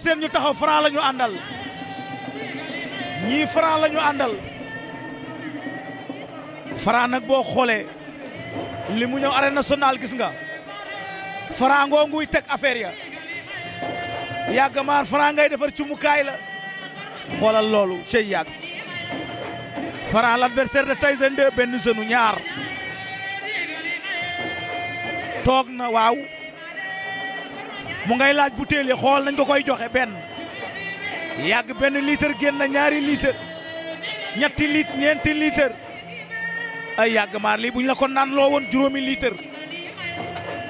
nga ñu taxaw Franc la àndal ñii Franc la ñu àndal Franc boo xoolee li mu ñëw arène nationale gis nga Franc ngoo nguy teg affaire ya yàgg maar ngay defar ci la xoolal loolu cey yàgg Franc l'adversaire de Tyson 2 benn senu ñaar toog na waaw mu ngay laaj butéel xool nañ ko koy joxe benn yàgg benn litre génn na ñaari litre ñetti litre ay yàgg maar lii buñ la ko naan loo juróomi litre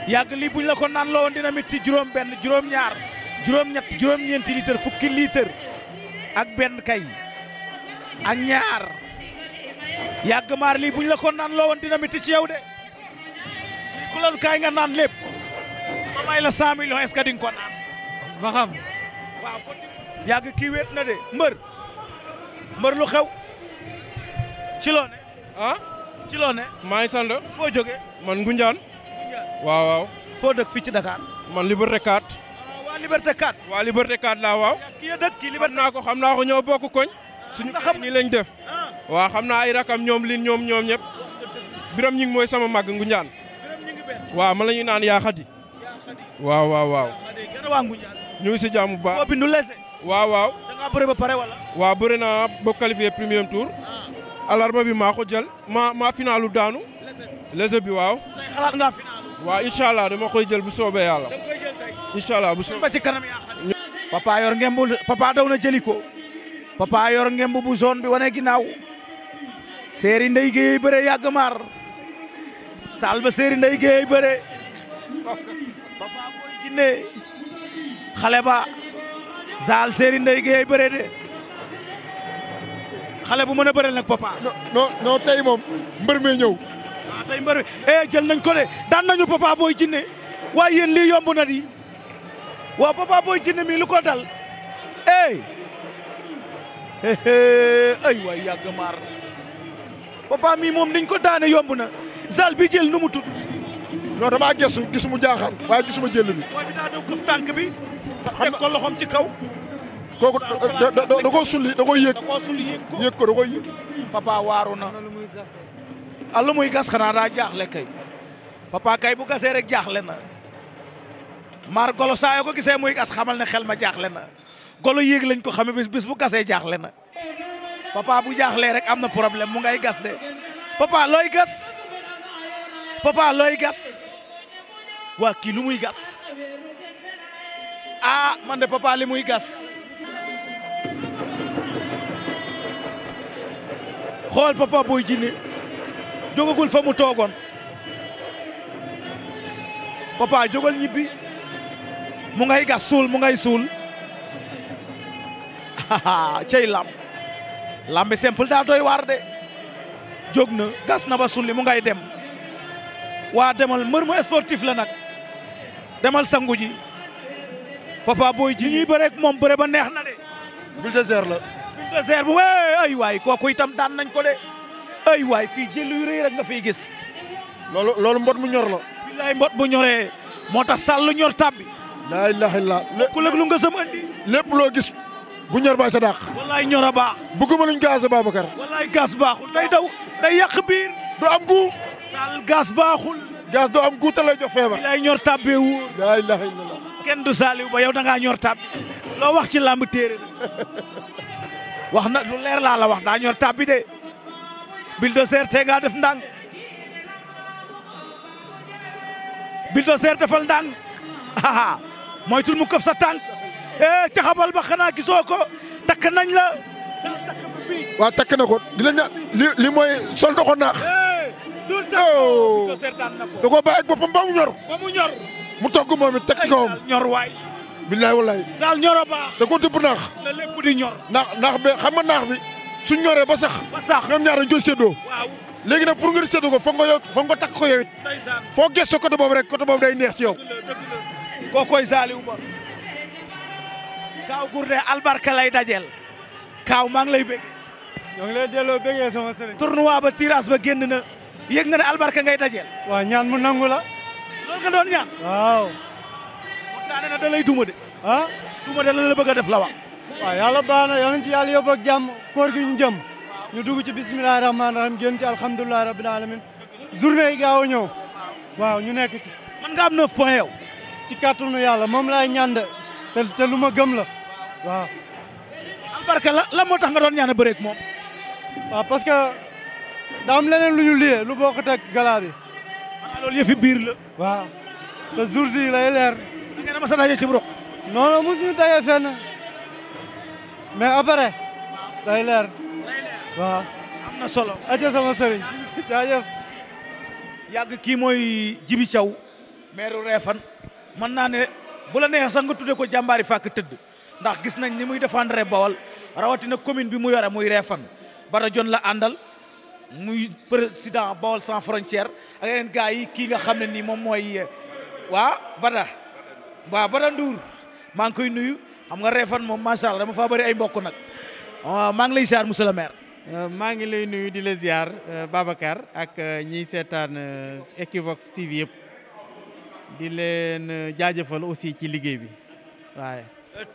yàgg lii buñ la ko naan loo dina mitt juróom benn juróom ñaar juróom ñett juróom ñeenti litre fukki litre ak benn kay ak ñaar yàgg maar lii buñ la ko naan loo dina mitt ci yow de ku loon kaay nga naan lépp ma la 100 millions est-ce que di nga xam. yàgg kii wéet na de mbër. mbër lu xew. ci loo ne. Ah? ci loo maa ngi sant. foo jógee. man Ngunjaan. waaw waaw. foo dëkk fii ci Dakar. man Liberté 4. Ah, waa Liberté 4. waa Liberté 4 laa waaw. kii ya dëkk kii Liberté. xam naa ko xam naa ko ñoo bokk koñ. Ah, suñu xam nii lañ def. waa xam naa ay rakam ñoom lin ñoom ñoom ñëpp. biram ñi mooy sama mag Ngunjaan. waaw ma la ñuy naan yaa xadi waaw waaw waaw. ñu si jàmm bu baax. waaw waaw. da ngaa ba pare wala. waaw bëre naa ba qualifié premier tour. Ah. alarba bi maa ko jël maa maa daanu. léegi bi waaw. tey xalaat nga final. waaw jël bu soobee yàlla. da nga koy jël tey. incha bu soobee. daw na jëli ko. papa yor bu zone bi wane ginnaaw. séeri ndey géey bëre yàgg saal ba séeri ndey bëre. ne xale ba Zal Séri Ndeye Gueye xale bu mën a bëreel nag papa. non non non tey moom mbër mi ñëw. waaw ah, tey mbër mi eh nañ ko de daan nañu papa booy jinne waaye yéen lii yomb na di waaw papa booy jinne mi lu ko dal eh, eh, eh ay waay yàgg papa mi moom niñ ko daane yomb na Zal bi jël nu mu tudd. non damaa gëstu gis mu jaaxaan waaye gisuma jël bi. booy bi daa daw këf tànk bi. teg ko loxoom ci kaw. kooku da da da koo sulli da koo yéeg. yéeg ko da koo yéeg. papa waaru na. ah lu muy gas xanaa daa jaaxle kay. papa kay bu gasee rek jaaxle na. maar golo saa ko gisee muy gas xamal ne xel ma jaaxle na. golo yéeg lañ ko xamee bis bis bu gasee jaaxle na. papa bu jaaxlee rek am na problème mu ngay gas de. papa looy gas. papa looy gas. waa kii lu muy gas ah man de papa li muy gas xool papa booy jinne jógagul fa mu toogoon papa jógal ñibbi mu ngay gas suul mu ngay suul cey lam lambi simple daa doy waar de jóg na gas na ba li mu ngay dem waa demal mbër mu sportif la nag demal sangu ji Papa Boy ji ñuy moom bëre ba neex na de. Bulldozer la. Bulldozer bu wee ay waay kooku itam daan nañ ko de ay waay fii jël yu rëy rek nga fiy gis. loolu loolu mbot mu ñor la. billaay mbot bu ñoree moo tax sàll ñor tàbbi. laa ilaha illa ku lëg lu nga sam andi. lépp loo gis bu ñor baa ca dàq. wallaay ñor a baax. bëgguma luñ gaas Babacar. wallaay gaas baaxul day daw day yàq biir. du am gu. sàll gaas baaxul. gaz doo am guuta lay jox feebar. ñor tàbbee wóor. laa ilaha illallah. kenn du saaliw ba ñor tàbb. loo wax ci làmb téere wax na lu leer laa la wax daa ñor tàbbi de. Bulldozer te nga def ndànk. Bulldozer defal ndànk moytul mu këf sa tànk eh caxabal ba xanaa gisoo ko takk nañ la. waa takk na ko di ña li li sol na ko naax. Eh. dóor tànn Bito seetaan na ko. da koo ak boppam ba mu ñor. ba mu mu togg moom it teg ci kawam ñor waay. billaay wallaay. saal ñor a baax. da ko dëpp naax. na lépp di ñor. naax naax bi xam nga naax bi suñ ñoree ba sax. ba sax ñoom ñaar dañu koy séddoo. léegi nag pour nga séddoo ko foog nga yow foog nga takk ko yow it. ndeysaan foo gëstoo côté boobu rek côté boobu day neex ci yow. koo koy saaliw ba. Kaaw Gourdin albarka lay dajel ngi lay bëgg. ñoo ngi lay delloo bëggee sama sëriñ. tournoi ba tirage ba génn na. yëg nga ne albarka ngay dajeel. waaw ñaan mu nangu la. loolu nga doon ñaan. waaw. kontaane na da lay duma de. ah de la la bëgg a def la wax. waaw yàlla baax na yal nañu ci yàlla gi ñu jëm. ñu dugg ci bisimilah rahmaani rahiim génn ci alhamdulilah rabbil alamin yi gaaw a waaw ñu nekk ci. man nga am 9 point yow. ci kàttanu yàlla moom laay ñaan te te ma gëm la waaw. albarka la la moo tax nga doon ñaan a bëreeg moom. waaw parce daa leneen luñu ñu lu bokk teg gala bi. ah loolu biir la. waaw te jour yi lay leer. da ngeen a mos a daje ci bu non non mosuñu daje fenn mais après day leer. day leer am na solo. aja sama sëriñ jaajëf. yàgg kii mooy Jibi Thiaw maire Réfane mën naa ne bu la neexee sax nga tuddee ko jàmbaari fàkk tëdd ndax gis nañ ni muy défendre Bawol rawatina commune bi mu yore muy Réfane bara jon la àndal. muy président Bawol sans frontière ak yeneen gars yi kii nga xam ne nii moom mooy waa Bada waaw Bada maa ngi koy nuyu xam nga reefan moom macha allah dama faa bëri ay mbokk nag maa ngi lay ziar monsieur le euh, maa ngi lay nuyu di la ziar euh, Babacar ak euh, ñiy seetaan Equivox TV yëpp di leen jaajëfal aussi ci liggéey bi waaye.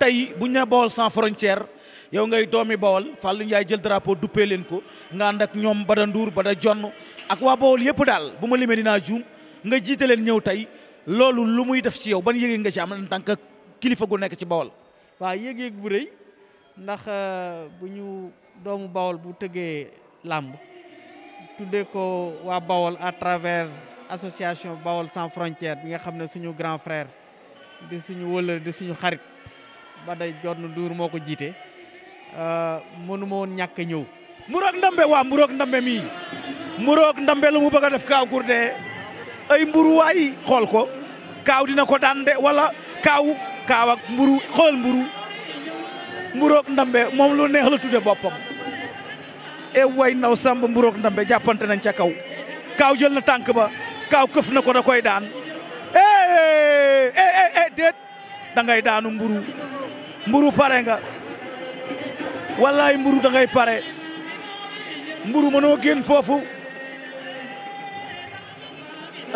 tey bu ñu Bawol sans frontière. yow ngay doomi bawol Fallou Ndiaye jël drapeau duppee leen ko nga ànd ak ñoom Bada Ndour Bada Jonn ak waa bawol yëpp daal bu ma limee dinaa juum nga jiite leen ñëw tey loolu lu muy def ci yow ban yëg nga ci am en tant kilifa gu nekk ci bawol waa yëg-yëg bu rëy ndax euh, bu ñu doomu bawol bu tëggee làmb tuddee ko waa bawol à travers association bawol sans frontière bi nga xam ne suñu grand frère di suñu wëllëre di suñu xarit ba day jot na duur moo ko jiite Euh, mënu ma woon ñàkk ñëw. Mburok Ndambe waa Mburok Ndambe mii Mburok Ndambe lu mu bëgg def Kaaw Gourdin ay mburu waay xool ko Kaaw dina ko daan de wala Kaaw Kaaw ak mburu xool mburu Mburok Ndambe moom lu neex la tudde boppam. e way naw Samb Mburok Ndambe jàppante nañ ca kaw Kaaw jël na tànk ba Kaaw këf na ko da koy daan eh eh eh déet da daanu mburu mburu pare wallaay mburu da ngay pare mburu mënoo génn foofu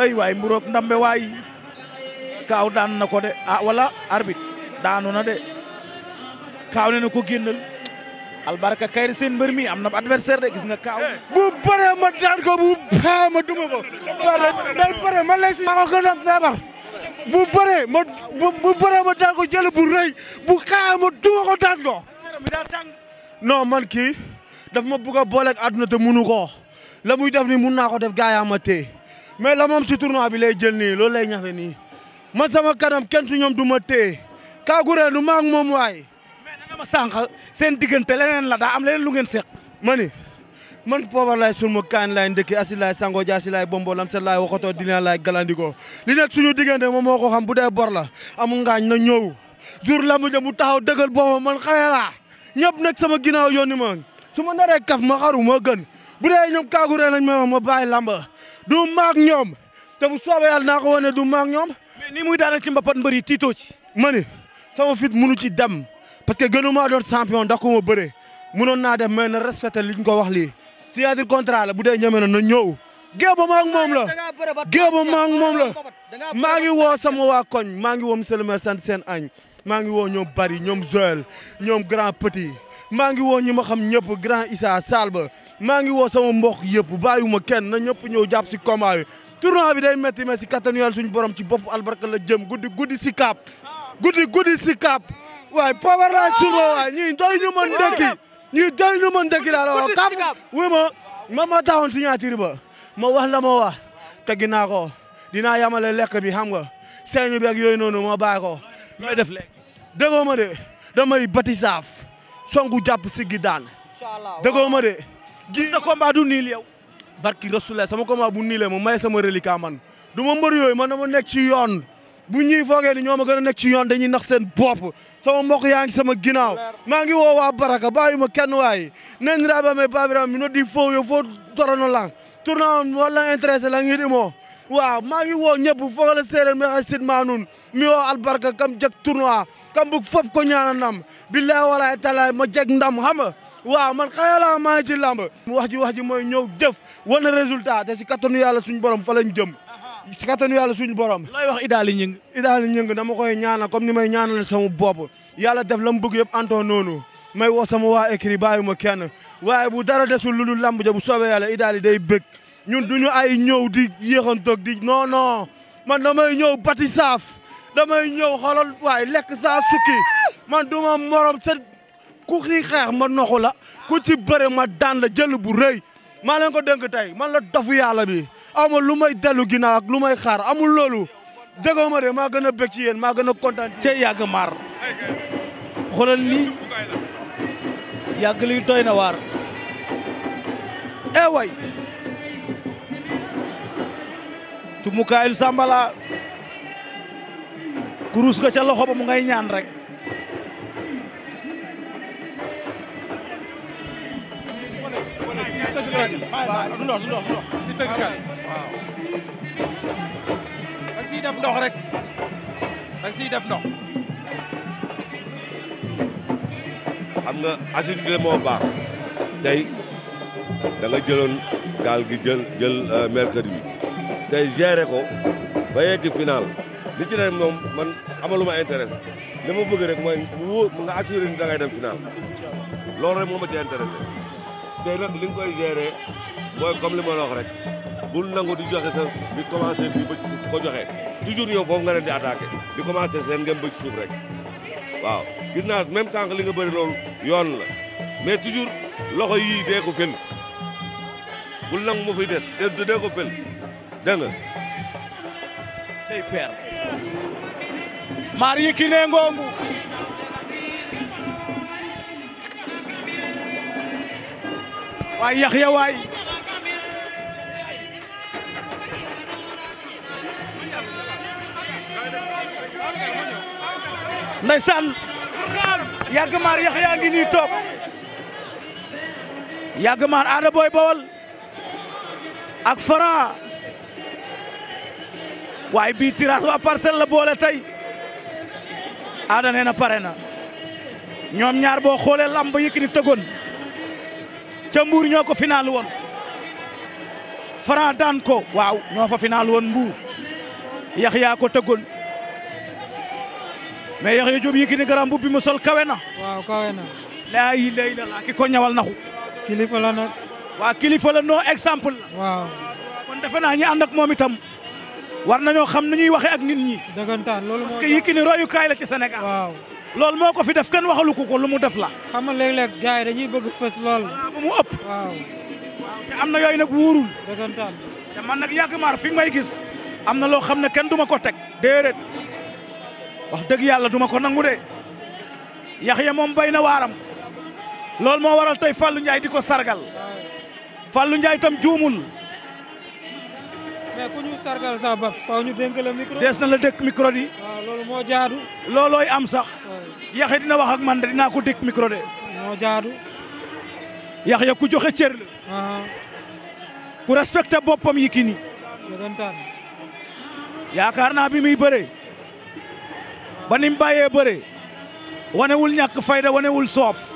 ay waay mburoog ndambe waay kaaw daan na ko de ah wala arbitre daanu na de kaaw ne na ko génnal albarka kayri seen mbër mi am na adversaire de gis nga kaaw eh, bu paree ma daan ko bu paree ma duma ko day paree ma lay si ko gën feebar bu paree ma bu ko jël bu rëy bu xaar ma duma ko daan ko non man ki daf ma bugg a booleeg àdduna te munu ko la muy def ni mun naa ko def gars ma téye mais la moom si tournoi bi lay jël nii loolu lay ñafe nii man sama kanam kenn su ñoom du ma téye Kaagureen du maag moom waay. mais da nga ma sànq seen diggante leneen la daa am leneen lu ngeen seq. ma ni man poobar laay sulma kaan laay ndëkki asil laay sango jaasi laay bombo lam set laay waxatoo dina laay galandikoo li nekk suñu diggante moom moo ko xam bu dee bor la amul ngaañ na ñëw jour la mu jëm mu taxaw man ñëpp nag sama ginnaaw yónni ma su ma naree ma xaru moo gën bu dee ñoom kaagu ree nañ ma ma bàyyi lamba du maag ñoom te bu soobee yàlla naa ko wane du maag ñoom. mais ni muy daanaka ci mbapat mbëri tiitoo ci. ma ni sama fit munu ci dem parce que gënu maa doon champion ndax ko ma bëree munoon naa def mais na respecté liñ ko wax lii signature contrat la bu dee ñeme na na ñëw. géew ba maa ngi moom la géew ba maa ngi moom la maa ngi woo sama waa koñ maa ngi woo monsieur le sant seen añ. maa ngi woo ñoom Bari ñoom Joël ñoom gran petit maa ngi woo ñi ma xam ñëpp grand Issa Salba maa ngi woo sama mbokk yëpp ma kenn na ñëpp ñëw jàpp si combat bi tournoi bi day metti mais si kattanu Yàlla suñu borom ci bopp albarka la jëm guddi guddi si kap guddi guddi si kaap waaye poobar laa suba waaye ñuy doy ñu mën dëkki ñuy doy ñu mën dëkki laa la wax kaap wu ma ma ma taxoon signature ba ma wax la ma wax teggi naa ko dinaa yamale lekk bi xam nga seeñu beeg yooyu noonu ma bàyyi looy def léegi. déggoo ma de damay bati saaf songu jàpp siggi daan. incha allah déggoo ma de. ji sa combat du niil yow. barki Rasulullah sama combat bu niilee mu may sama reliquat man du ma mbër yooyu man dama nekk ci yoon. bu ñuy foogee ni ñoo ma a nekk ci yoon dañuy nax seen bopp sama mbokk yaa sama ginnaaw maa ngi woo waa baraka bàyyi ma kenn waaye nen rabame babiram mi no di foo yo foo torono lang tourna wala intéressé la ngi di moo waaw maa ngi woo ñëpp foogale séeréer mi mi o albarka kam jeg tournoi kam bug fop ko ñaana nam billaay walaay talaay ma jeg ndam xam nga waaw man xayala maa ngi ci làmb wax ji wax ji mooy ñëw jëf wane résultat te si kattanu yàlla suñu borom fa lañ jëm si kattanu yàlla suñu borom lay wax idaali ñëng idaali ñëng dama koy ñaana comme ni may ñaanal sama bopp yàlla def la mu bëgg yëpp anto noonu may woo sama waa écrit bàyyi ma kenn waay bu dara desul lu dul làmb ja bu soobee yàlla idaali day bëgg ñun duñu ay ñëw di yéexantoog di non non man damay ñëw bati saaf damay ñëw xoolal waaye lekk saa sukki man du ma morom sa ku xii ma noxu la ku ci bëre ma daan la jël bu rëy maa ko dénk tey man la dofu yàlla bi amul lu may dellu ginnaaw ak lu may xaar amul loolu déggoo ma maa gën a bëgg ci gën a kontaan ci yàgg maar xoolal lii yàgg lii doy na waar e eh way cumukaayil sambala kurus ga ca loxo ba mu ñaan rek si tëggkat waaw da siy def ndox rek da siy def ndox xam nga attitude moo baax tey da jëloon gaal gi jël jël euh, mercredi tey géré ko ba yegg final li ci dem man amaluma intérêt li ma bëgg rek mooy mu wóor nga assuré ni da ngay dem final loolu rek moo ma ci li nga koy gérer mooy comme li ma la wax rek bul nangu di joxe sa bi commencé fii ba ci ko joxe toujours yow foofu nga leen di attaqué di commencé seen ngeen ba ci suuf rek waaw gis naa même sànq li nga bëri yoon la mais toujours loxo yii dee ko fël bul nangu mu fiy des te dee ko fël dégg Mari Yekine Ngongu waay Yaxya waay ndeysaan yàgg maar Yaxya ngi nii toog yàgg maar Ada Boy ak Franc waaye bii tirage waa parcelle la boole tey Ada nee na pare na ñoom ñaar boo xoolee lamb Yékini tëggoon ca Mbuur ñoo ko finaal woon faraan daan ko waaw ñoo fa final woon Mbuur Yaxya ko tëggoon mais Yaxya Jóob Yékini garam bu bi mu sol kawe na. waaw kawe na. laa ilaaha illallaah ki ko ñawal naxu. kilifa la waaw kon defe naa ñi ànd ak moom war nañoo xam ni ñuy waxee ak nit ñi. dëggantaan loolu parce que Yékini royukaay la ci Sénégal. waaw loolu moo ko fi def kenn waxalu ko ko lu mu def la. xam nga léeg-léeg dañuy bëgg fës lool. ba mu ëpp. te am na yooyu nag wóorul. dëggantaan te nag yàgg maar fi may gis am na loo xam ne kenn duma ko teg. déedéet wax dëgg yàlla duma ko nangu de ya moom bay na waaram loolu moo waral tey Fallou Ndiaye di ko sargal Fallou Ndiaye tam juumul. mais ku sa Babs faaw ñu na la dëkk micro loolu moo jaadu. loolooy am sax. yaxe dina wax ak man de dinaa ko dëkk micro de. moo jaadu. yax ya ku joxe cër la. ku respecté boppam yi kii nii. yaakaar naa bi muy bëree. ba ni mu bàyyee bëree. wanewul ñàkk fayda wanewul soof.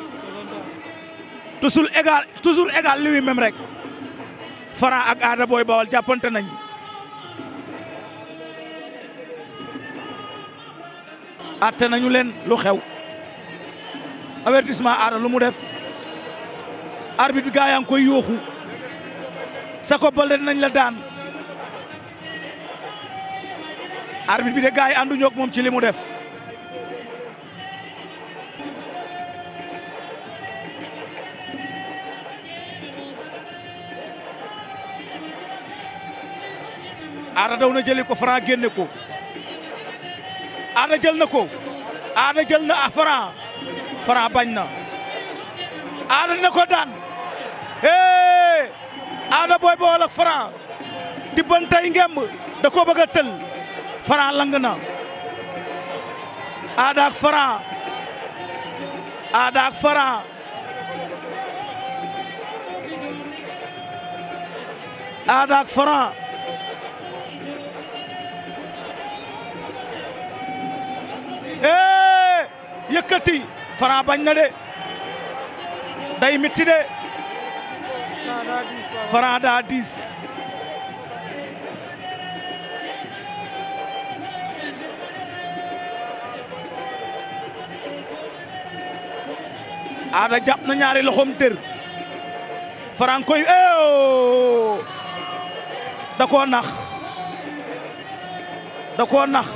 toujours égal toujours égal lui-même rek. Franc ak Ada booy bawol jàppante nañ atte nañu leen lu xew avertissement Ada lu mu def arbit bi gaa yaa ngi koy yooxu Jacob Baldé nañ la daan arbitre bi de gaa yi ànduñu ak moom ci li mu def aada daw na jëli ko Franc génne ko aada jël na ko aada jël na a ah, Franc Franc bañ na aada na ko daan hee aada booy bool ak Franc di bantay ngemb da koo bëgg a tël Franc lang na aada ak Franc aada ak Franc eh yëkkati Franc bañ na de day mitti de Franc daa diis aada jàpp na ñaari loxoom dër Franc koy da koo nax da koo nax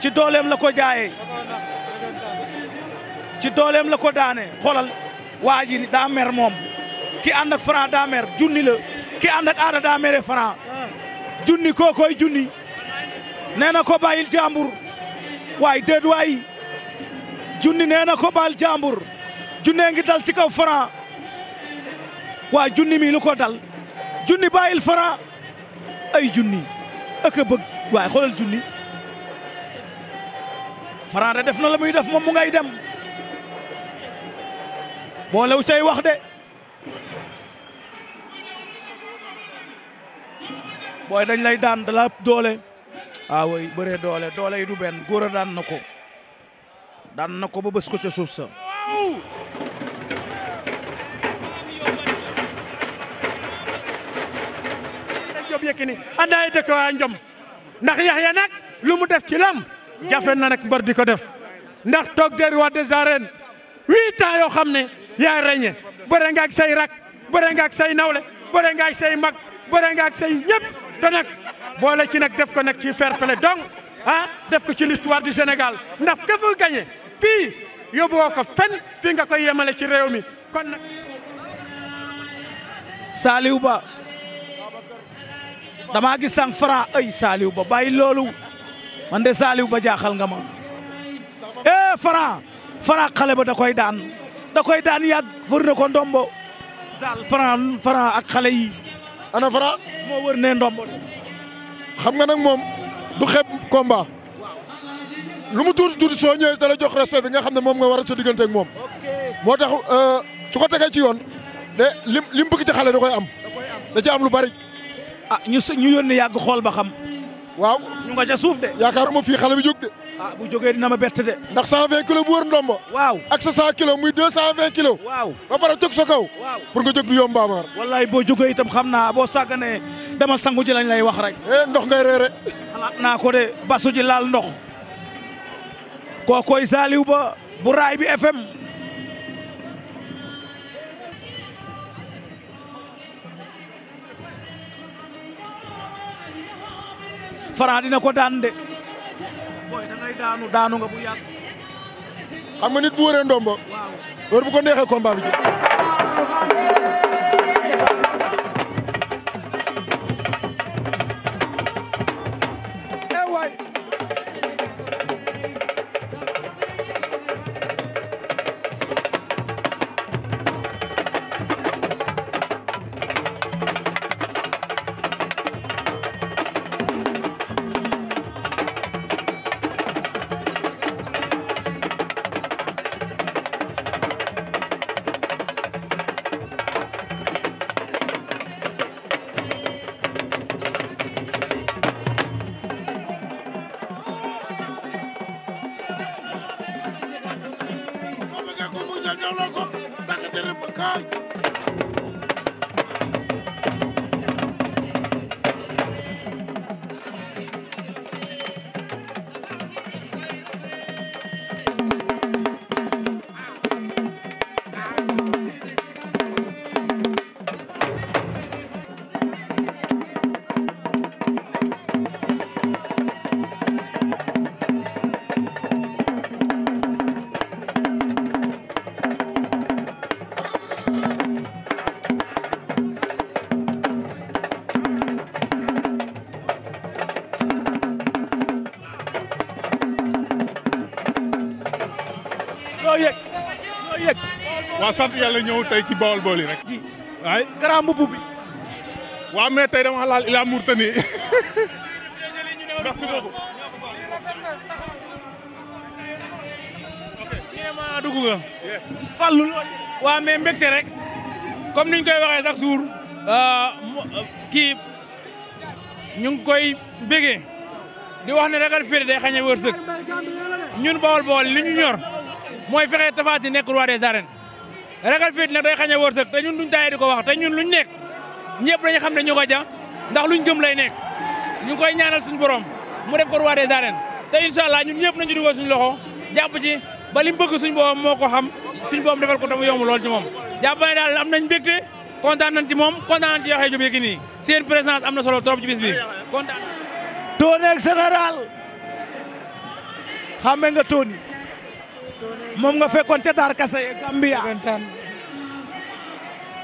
ci dooleem la ko jaayee ci dooleem la ko daane xolal waa ji daa mer moom ki ànd ak Franc junni la ki ànd ak aada daa mere junni kookoy junni nee na ko bàyyil jàmbur waay déet waay junni nee na ko bàyyil jàmbur junnee ngi dal ci kaw fara waay junni mi ko dal junni bàyyil Franc ay junni ak bëgg waay xoolal junni Franc def na la muy def moom mu ngay dem boolew cay wax de booy dañ lay daan da doole waawoy ah bëree doole doole yi du benn góor daan na ko daan na ko ba bës ko ca suuf sa Diop Yékini andaay dëkk waa Njom ndax Yaxya nag lu mu def ci lam jafe na nag mbër di ko def ndax toog der roi des arènes huit yoo xam ne yaa ràññee bëre nga say rak bëre nga say nawle bëre nga say mag bëre nga ak say ñëpp te nag boole ci nag def ko nag ci fair play ah, def ko ci l'histoire du Sénégal ndax ka fa gagné fii yóbbuwoo ko fen fii nga koy yemale ci réew mi kon nag. Saliou Ba damaa gis sànq Franc Ba bàyyi loolu. man de Saliou ba jaaxal nga ma eh Franc Franc xale bo da koy daan da koy daan yàgg wër na ko ndombo Sall Franc Franc ak xale yi. ana Franc moo wër ne ndombo xam nga nag moom du xeeb combat lu mu tuuti tuuti soo ñëwee da la jox respect bi nga xam ne moom nga war a sa diggante ak moom. moo tax euh, su ko tegee ci yoon de lim lim bëgg ci xale da koy am. da ci am lu bari. a ah, ñu ñu yoon yónni yàgg xool ba xam. waaw ñu nga ja suuf de yaakaaruma fii xale bi jóg de ah bu jógee dina ma bett de ndax 120 kilos bu wër ndomba waaw ak sa kilo kilos muy 220 kilos waaw ba pare jóg sa kaw waaw pour nga jóg du yomb baamaar wallaay boo jógee itam xam naa boo sàgganee dama sangu ji lañ lay wax rek eh ndox ngay reere xalaat naa ko de basu ji laal ndox kookoy saaliw ba bu raay bi FM Franc dina ko daan de. booy da ngay daanu daanu nga bu yàgg. xam nga nit bu wëree ndombo. ko neexee waaw sant yàlla ñëw tey ci Bawol Bawol yi rek. waay grand mbubb bi. waaw mais tey dama laal Ila Mourtani. merci beaucoup. vraiment dugg nga. fàllu loolu. rek. comme niñ koy waxee chaque jour. Euh, euh, kii ngi koy bégee. di wax ne ragal féete day xañe wërsëg. ñun Bawol Bawol li ñu ñor. mooy fexe Tapha Tine nekk roi des ragal féet nag day xañ a wërsëg te ñun duñ taayee ko wax te ñun luñ nek ñëpp dañu xam ne ñu ko ndax luñ gëm lay nekk ñu ngi koy ñaanal suñu borom mu def ko roi des arènes te incha allah ñun ñëpp nañu dugal suñu loxo jàpp ci ba li mu bëgg suñu boobam moo ko xam suñ boobam defal ko tamu yomb lool ci moom jàpp ne daal am nañ mbégte kontaan nañ ci moom kontaan nañ ci Yaxya Jóob Yékini seen présence am na solo trop ci bis bi kontaan. Tóone ak général xàmme nga Tóoni moom nga fekkoon ca Dar Kassé Gambia.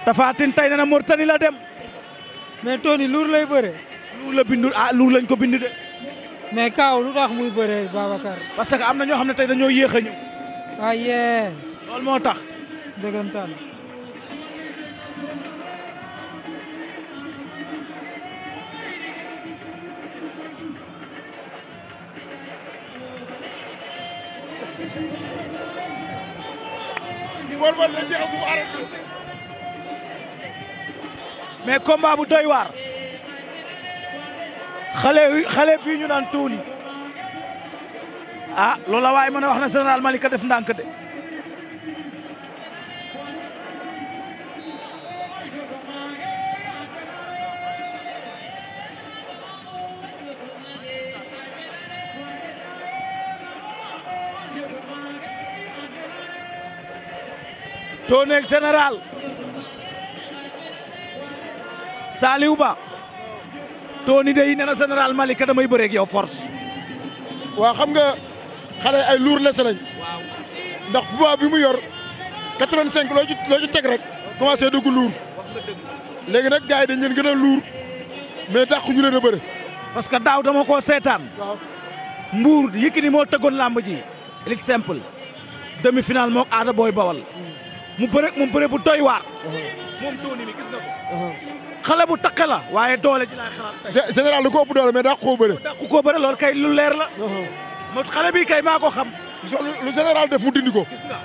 Tapha Tine tey na Mauritanie la dem. mais Tony luur lay bëre. luur la bindul a ah, luur lañ ko bindu de. mais Kaaw lu tax muy bëree Babacar. parce que am na ñoo xam ne tey dañoo yéex a ñu. waaye. loolu moo tax. bi war-war mais combat bu doy waar xale xale bii ñu naan tuuni ah loola waaye mën a wax na général Malika def ndànk de. dooneeg général Saliou Ba Tony day nee na général Malika damay bëreeg yow force. xam nga xale ay luur lese lañ ndax poids bi mu yor 85 loo ci loo ci teg rek commencé dugg luur léegi nag gars yi dañ leen luur mais dàqu ñu leen bëre. parce que daaw dama ko seetaan. mbuur Yékini moo tëggoon làmb ji. lit simple demi-finale mook aada booy bawal. mu bëre mu bëre bu doy waar. moom Tony mi gis xale bu takke la waaye doole ji laay xalaat ko ëpp doole mais dàq koo bëre. dàq ko bëre loolu kay lu leer la. Uh-huh. mo xale bi kay maa ko xam. lu général def mu dindi ko. gis nga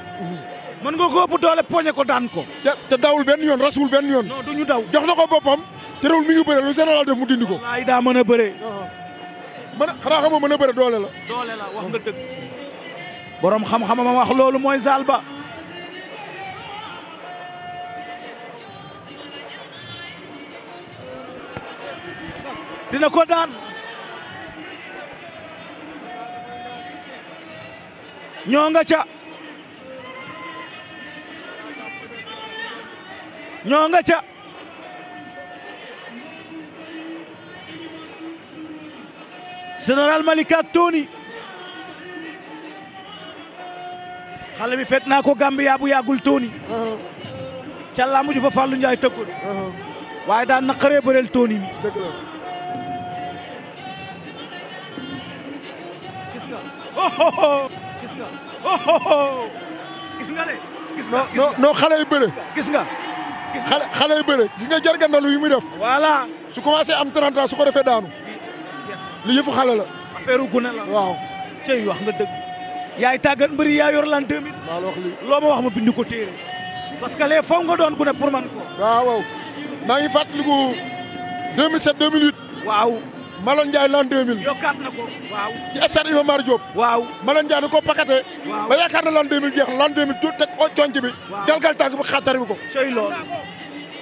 mën nga ko ëpp doole poñe ko daan ko. te dawul benn yoon rasul benn yoon. non du ñu daw jox na ko boppam. terewul mi ngi bëre lu général def mu dindi ko. wallaay daa mën a bëre. Uh-huh. mën a xanaa xam nga mën a bëre doole la. doole la wax nga dëgg. borom xam-xamam wax loolu mooy Zalba. dina ko daan ñoo nga ca ñoo nga ca général Malika Tony xale bi fekk naa ko Gambia bu yàggul Tony uh-huh. ca làmb ju fa Fallou Ndiaye tëggoon uh-huh. waaye daan na bëreel Tony mi gis nga gis nga de. gis nga non xale yu bëre. gis nga. xale xale yu bëre gis nga jargandalu yu muy def. voilà su commencé am 30 su ko defee daanu. li yëfu xale la. affaire gune la waaw. cey wax nga dëgg. yaay tàggat mbëri yaa yor lan 2000. maa la wax lii loo wax ma bind ko téere. parce que les foog nga doon gune pour man ko. waaw waaw maa ngi fàttaliku 2007 2008. waaw. Malone Ndiaye l'an 2000. yokkaat na ko waaw. ci stade Iba Mar Diop. waaw Malone pakate. ba yaakaar na l'an 2000 jeex l'an 2000 tuut teg conc bi. waaw galgal tànk bi xatar bi ko. sooy lool.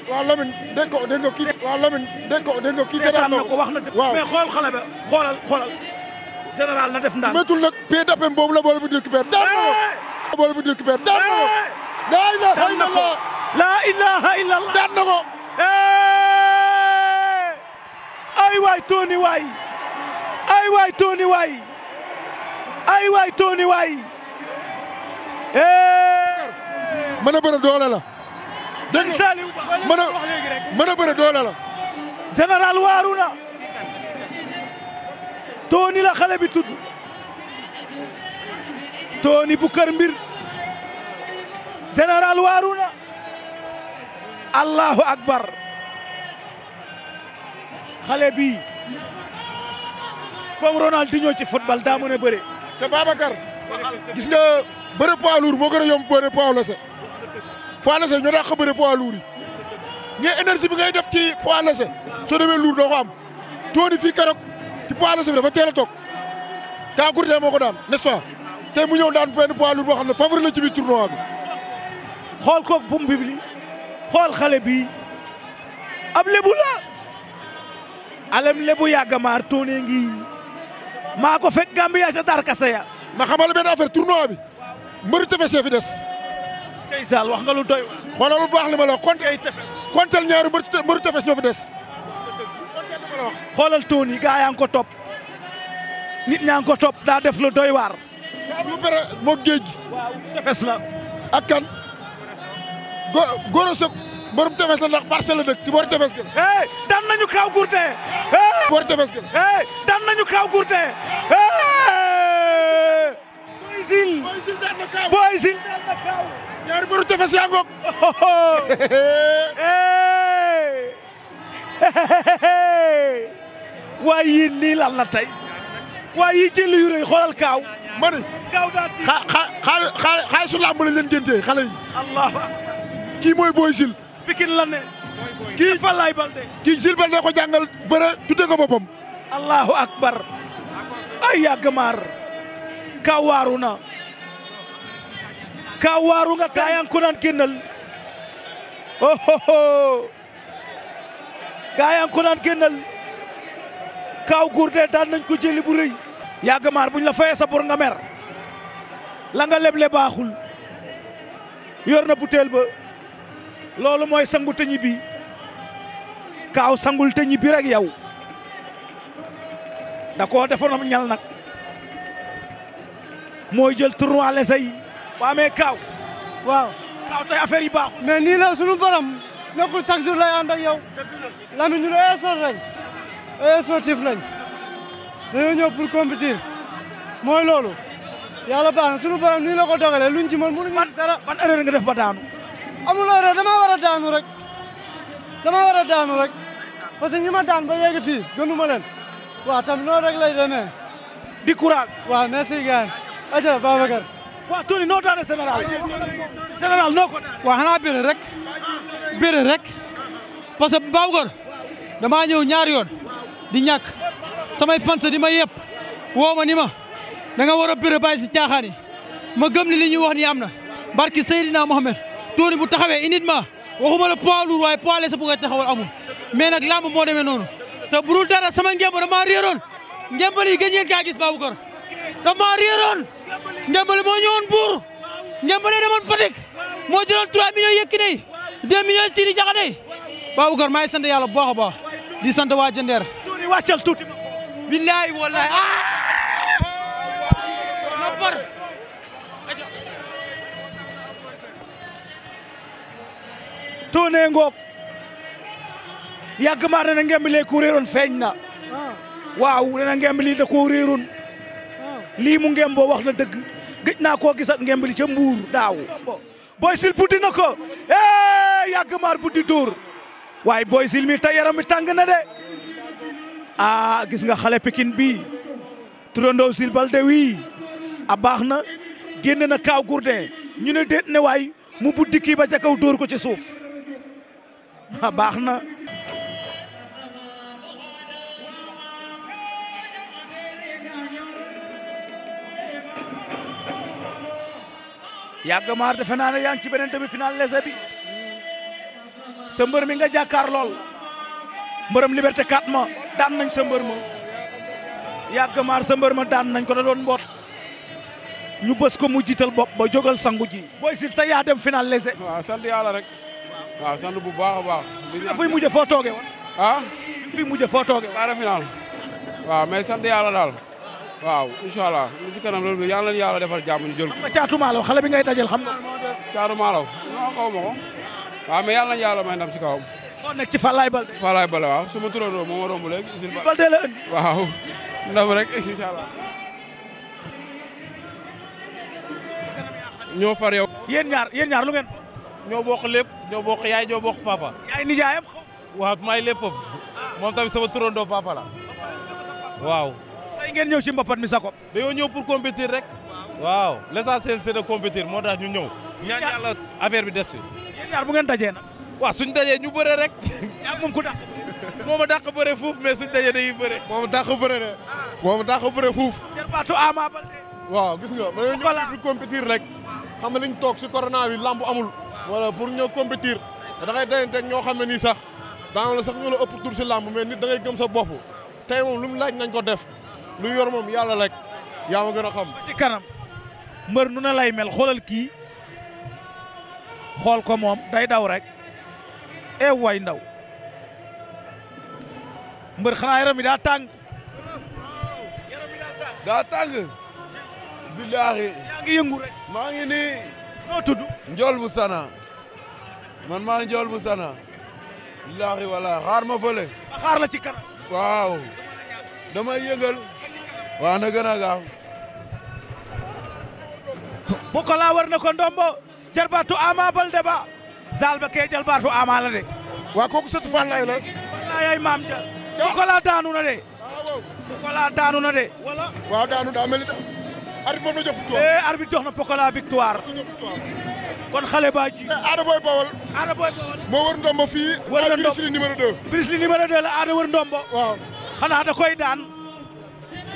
waaw Lamine dégg ko dégg ko kii. waaw Lamine dégg ko dégg ko kii. seetaan na ko wax na waaw mais xool xale ba xoolal xoolal. général na def ndànk. méttul boobu la boole bu dikk weer daan na ko. boole bu dikk la daan na ko. daan na ko laa ilaha illallah daan ay waay Tony waay ay waay Tony waay ay mën a bëre doole la dégg nga mën a mën a bëre doole la général la xale bi tudd Tony kër mbir général waaru na allahu akbar xale bii comme Ronaldinho ci football daa mën a bëre. te Babacar gis nga bëre poids lourd moo gën a yomb bëre poids léger poids léger ñoo dàq bëre poids lourd yi nga énergie bi ngay def ci poids léger soo demee lourd doo ko am Tony fii keroog ci poids léger bi dafa teel a toog kaa Gourdin moo ko daan n'est-ce pas tey mu ñëw daan benn poids lourd boo xam ne favori la ci biir tournoi bi. xool koog bum bi xool xale bi ab lebu alem lebu yàgga maar toone ngi maa ko fekk Gambia sa dar kasa ya ma xamal benn affaire tournoi bi mbëri tefes fi des tey sal wax nga lu doy xoolal bu baax li ma la kon tey tefes kontel ñaari mbëri tefes ñoo fi des xoolal tooni gaa ngi ko topp nit ñaa ko topp daa def lu doy waar ba pare moom géej tefes la ak kan góor a mbërum tefes la ndax parcelle la dëkk ci boori tefes gën. daan nañu kaw Gourté. ci boori tefes gën. daan nañu kaw Gourté. Boy Sil. Boy na tey. waaye yii jëli yu rëy xoolal kaaw. ma kii mooy Boy Sil. Pikine la ne. kii Falaye Balde. ko jàngal bëre tudde ko boppam. allahu akbar ay yàgg maar ka waaru na ka waaru nga taayan ku naan génnal ohoho gaayan ku naan kaaw guurdee daan nañ ko jëli bu buñ la fayee sa bor nga mer la nga leble yor na butéel ba loolu mooy sangu te ñibbi kaaw sangu te ñibbi rek yow da koo defoon ñal nag mooy jël tournoi lese yi waa kaaw waaw kaaw tey affaire yi baaxul mais nii la sunu borom nekkul chaque jour lay ànd ak yow lami ñun ay sport lañ ay sportif lañ dañoo ñëw pour compétir mooy loolu yàlla baax na sunu borom nii la ko dogalee luñ ci dara ban erreur nga def ba daanu amul erreur damaa war a daanu rek damaa war parce que ñi ma daan ba yegg fii gënuma leen waaw tam rek lay demee. di courage. waaw merci gars yi. aja Babacar. waaw Tony noo daane général général noo ko daane. waaw xanaa bëre rek bëre rek parce que ñëw ñaari yoon di ñàkk samay fans di ma yëpp woo ni ma da nga war a bëre bàyyi si caaxaan ma gëm ni li ñuy wax ni am na barki Seydina Mohamed. Tony bu taxawee uniquement waxuma la poids lourd waaye poids léger taxawal amul mais nag lamb moo demee noonu te bu dul dara sama ngemb damaa réeroon ngembali yi gëj ngeen kaa gis Babacar damaa réeroon ngembali moo ñëwoon buur ngembali demoon Fatick moo jëloon 3 millions yëkki nay 2 millions di jaxadey Babacar sant yàlla bu di sant waa Jandeer wàccal tuuti billaay wallaay ah toone ngoog yàgg maar nana ngemb lee ko réeroon feeñ na waaw nana ngemb lii da koo lii mu ngemb wax na dëgg gëj naa koo gis ak ngemb ca mbuur daaw boy sil buddi na ko ee yàgg maar buddi dóor waaye boy sil mi ta yaram mi tàng na de aa ah, gis nga xale pikin bi turandoo sil bal wii a baax na génn na kaaw gourdin ñu ne déet ne waay mu buddi kii ba ca kaw dóor ko ci suuf Ah, baax na yàgg maar defe naa ne yaa ngi ci beneen demi final lese bi sa mbër mi nga jàkkaar lool mbërëm liberté 4 ma daan nañ sa mbër ma yàgg sa mbër ma daan nañ ko da doon mboot ñu bës ko mu jiital bopp ba jógal sangu ji booy sil te yaa dem final lese waaw sant yàlla rek waaw sant bu baax a baax. li nga fiy foo toogee woon. ah. li fiy mujj foo toogee woon. final waaw mais sant yàlla daal. waaw incha allah lu ci kanam loolu yàlla na yàlla defal jàmm ñu jël ko. xam xale bi ngay dajal xam nga. caatu maalaw non xaw ma waaw mais yàlla na ma may ndam ci kawam. foo nekk ci Falaye Balde. Falaye Balde waaw su ma turandoo moo ma romb léegi. usine Balde la ënd. waaw ndam rek incha ñoo far yow. yéen ñaar yéen ñaar lu ñoo book lépp ñoo bokk yaay ñoo bokk papa. yaay nijaayam xaw waaw maay léppam moom tamit sama turandoo papa la waaw. tey ngeen ñëw si mbapat mi sa ko. dañoo ñëw pour compétir rek. waaw l'essentiel c'est de compétir moo tax ñu ñëw. ñaan yàlla affaire bi des fi. yéen ñaar bu ngeen dajee nag. waaw suñ dajee ñu bëree rek. yaa moom ku dàq. moom a dàq bëre fuuf mais suñ dajee dañuy bëre. moom dàq bëre de. moom dàq bëre fuuf. jarbaatu Ama Baldé. waaw gis nga. ma ne ñu compétir rek. xam nga liñ toog si corona bi lamb amul. wala pour ñoo compétir da ngay ñoo xam ne nii sax daanaka sax ñu la ëpp tur si làmb mais nit da ngay gëm tey moom lu mu laaj nañ ko def lu yor moom yàlla rek yaa ma gën a xam. ci kanam mbër nu na lay mel xoolal kii xool ko moom day daw rek e ndaw mbër xanaa yaram bi daa tàng. daa tàng. billaahi. maa ngi nii. noo tudd. njool man maa ngi jool sana lillaahi wala xaar ma fële xaar la ci kanam waaw damay yëngal waaw na gën a gaaw Pokola war na ko ndombo jarbaatu Ama Baldé ba zal ba kee jarbaatu Ama la de waa kooku sëtu Fallaye la Fallaye ay maam ja Pokola daanu na de Pokola daanu na de wala waaw daanu daa mel ni arbitre jox victoire eh jox na Pokola victoire kon xale baa eh, moo wër ndombo fii. wër na ndombo Bruce Lee numéro 2. Bruce Lee numéro 2 la aada wër ndombo. xanaa da koy daan.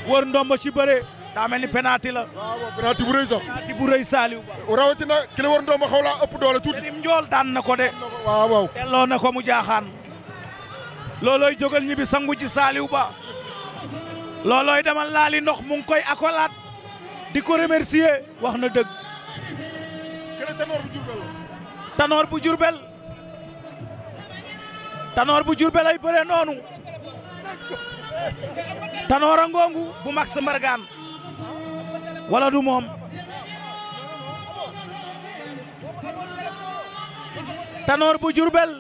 wër ndombo ci bëre. daa mel ni penalty la. waaw waaw penalty bu rëy sax. penalty bu rëy Ba. rawatina ki la wër ndombo xaw laa ëpp doole tuuti. Karim Ndiol daan na ko de. waaw waaw. na ko mu jaaxaan. loolooy jógal ñibbi sangu ci Saliou Ba. loolooy demal laali ndox mu ngi koy akolaat. di ko remercier wax na dëgg. tanoor bu jurbel tanoor bu jurbel tanoor bu jurbel ay bëre noonu tanoor a ngongu bu max mbargaan du moom tanoor bu jurbel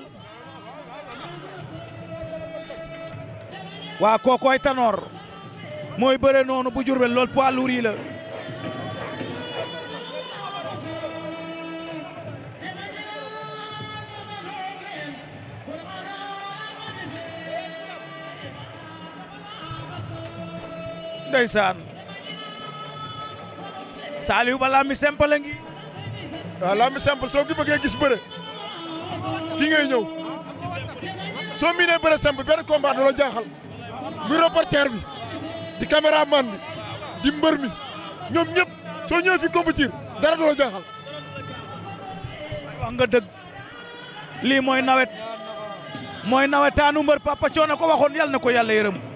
waa kookooy tanoor mooy bëre noonu bu jurbel lool poids lourd yi la ndeysaan Saliou ba lambi simple la ngi waaw lambi simple soo ko bëggee gis bëre fii ngay ñëw soo miinee bëre simple benn combat da la jaaxal muy reporter bi di caméraman bi di mbër mi ñoom ñëpp soo ñëwee fi compétir dara du jaaxal. wax nga dëgg lii mooy nawet mooy nawetaanu mbër Papa Thione ko waxoon yàlla na ko yàlla yërëm.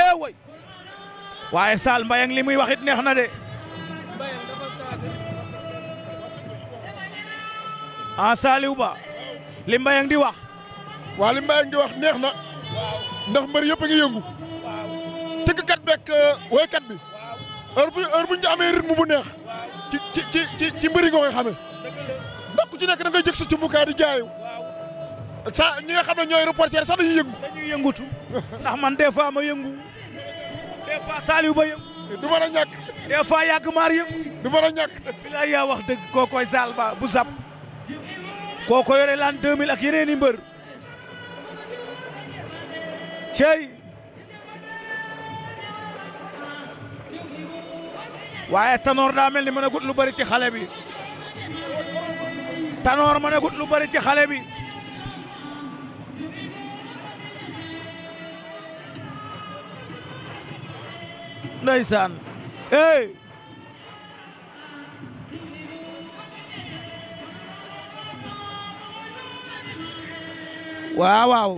eh waaye Sall Mbayang li muy wax neex na de ah Saliou Ba li Mbayang di wax. waale li Mbayang di wax neex na ndax mbër yëpp a ngi yëngu tëggkat beeg eh, woykat bi heure bu heure bu ñu amee bu neex ci ci ci ci ci mbëri nga koy ci nekk da ngay jëg sa cumbukaay di jaayu sa ñi nga xam ne ñooy reporter sax dañuy yëngu. dañuy yëngutu ndax man des fois ma yëngu. des fois Saliou ba yëngu. du mën a ñàkk. des yàgg maar yëngu. du mën a ñàkk. bilaay yaa wax dëgg kookoy Sall ba bu zap. kooko yore lan 2000 ak yeneen i mbër. cey. waaye tanoor daa mel ni mën a gut lu bari ci xale bi. tanoor mën a gut lu bari ci xale bi. ndeysaan hey waaw waaw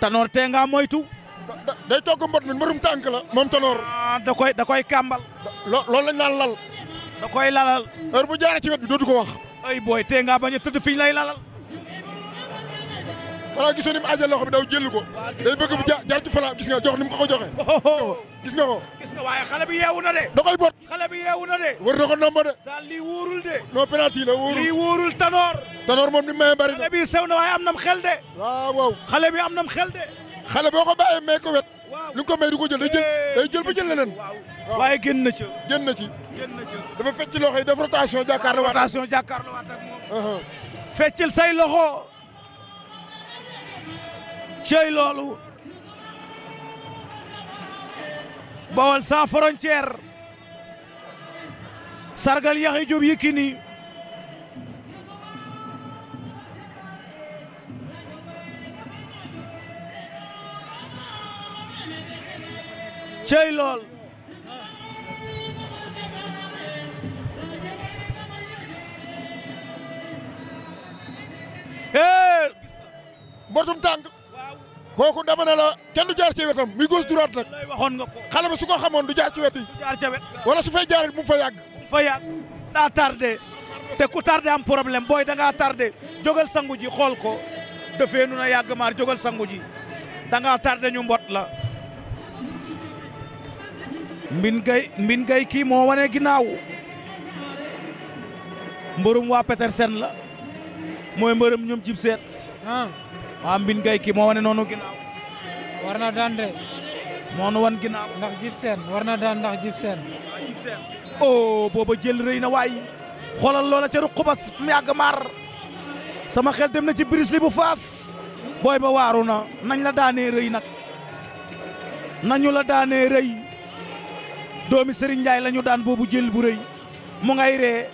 tanoor te nga moytu day togg mbot mi mbërum tànk la moom tanoor ah, da koy da koy kàmbal loolu lañ naan lal da koy lalal heure bu jaaree ci wet bi dootu ko wax ay booy tee ngaa bañ a tëdd fi ñu lay lalal. Fara gisoo ni mu àjjal loxo bi daw jël ko. day bëgg bu jaar ci Fara gis nga jox ni mu ko ko joxe. Oh, oh, oh. gis nga ko. gis nga waaye xale bi yeewu na de. da koy bot xale bi yeewu na de. war na ko nomba de. sa lii wóorul de. non penalty la wóorul lii wóorul tanoor. tanoor moom ni mu mayee bari na. xale sew na waaye am nam xel de. waaw waaw xale bi am nam xel de. xale boo ko bàyyee may ko wet. lu ko may du ko jël day jël day jël ba jël leneen. waaye génn na ci. génn na ci. génn na ci dafa fecc loxo yi def rotation jàkkaarloo uh-huh. feccil say loxo. cey loolu. Bawol sans frontière. sargal Yaxya Jóob Yékini cey lool hee mbotum tànk kooku dama ne la kenn du jaar ci wetam muy gauche droite nag waxoon nga ko xale ba su ko xamoon du jaar ci wet yi wala su fay jaar mu fa yàgg fa yàgg daa tardé te ku tardé am problème booy da ngaa jógal sangu ji xool ko dafee nu na yàgg maar jógal sangu ji da ngaa ñu mbott la Mbine gay mbin gay kii moo wane ginnaaw mbërum waa sen la mooy mbërum ñoom jib seet ah. waa mbin gay kii moo wane noonu ginnaaw war na daan de moo nu wan ginnaaw ndax jib war na daan ndax jib seen oh booba jël rëy na waay xoolal loola ca ruq ba yàgg maar sama xel dem na ci brisli bu faas booy ba waaru na nañ la daanee rëy nag nañu la daanee rëy doomi Serigne Ndiaye la daan boobu jël bu rëy mu ngay ree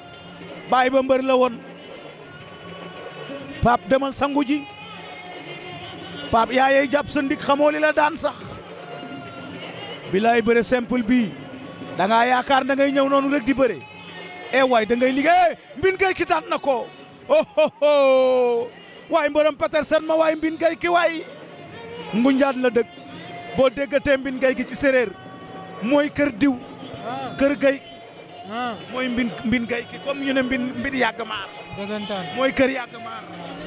baay ba mbër la woon paap demal sangu ji paap yaayey jàpp sa ndik xamoo li la daan sax bilaay bëre simple bii da yaakaar dangay ñëw noonu rek di bëre e waay da ngay liggéey gay ki taat na ko ohoho waay mbërëm Petersen ma waay mbin gay ki waay ngunjaan la dëkk boo déggatee mbin gay gi ci séréer mooy kër diw ah. kër gay ah. mooy mbin mbin gay ki comme ñu ne mbin mbin yàgg maar mooy kër yàgg maar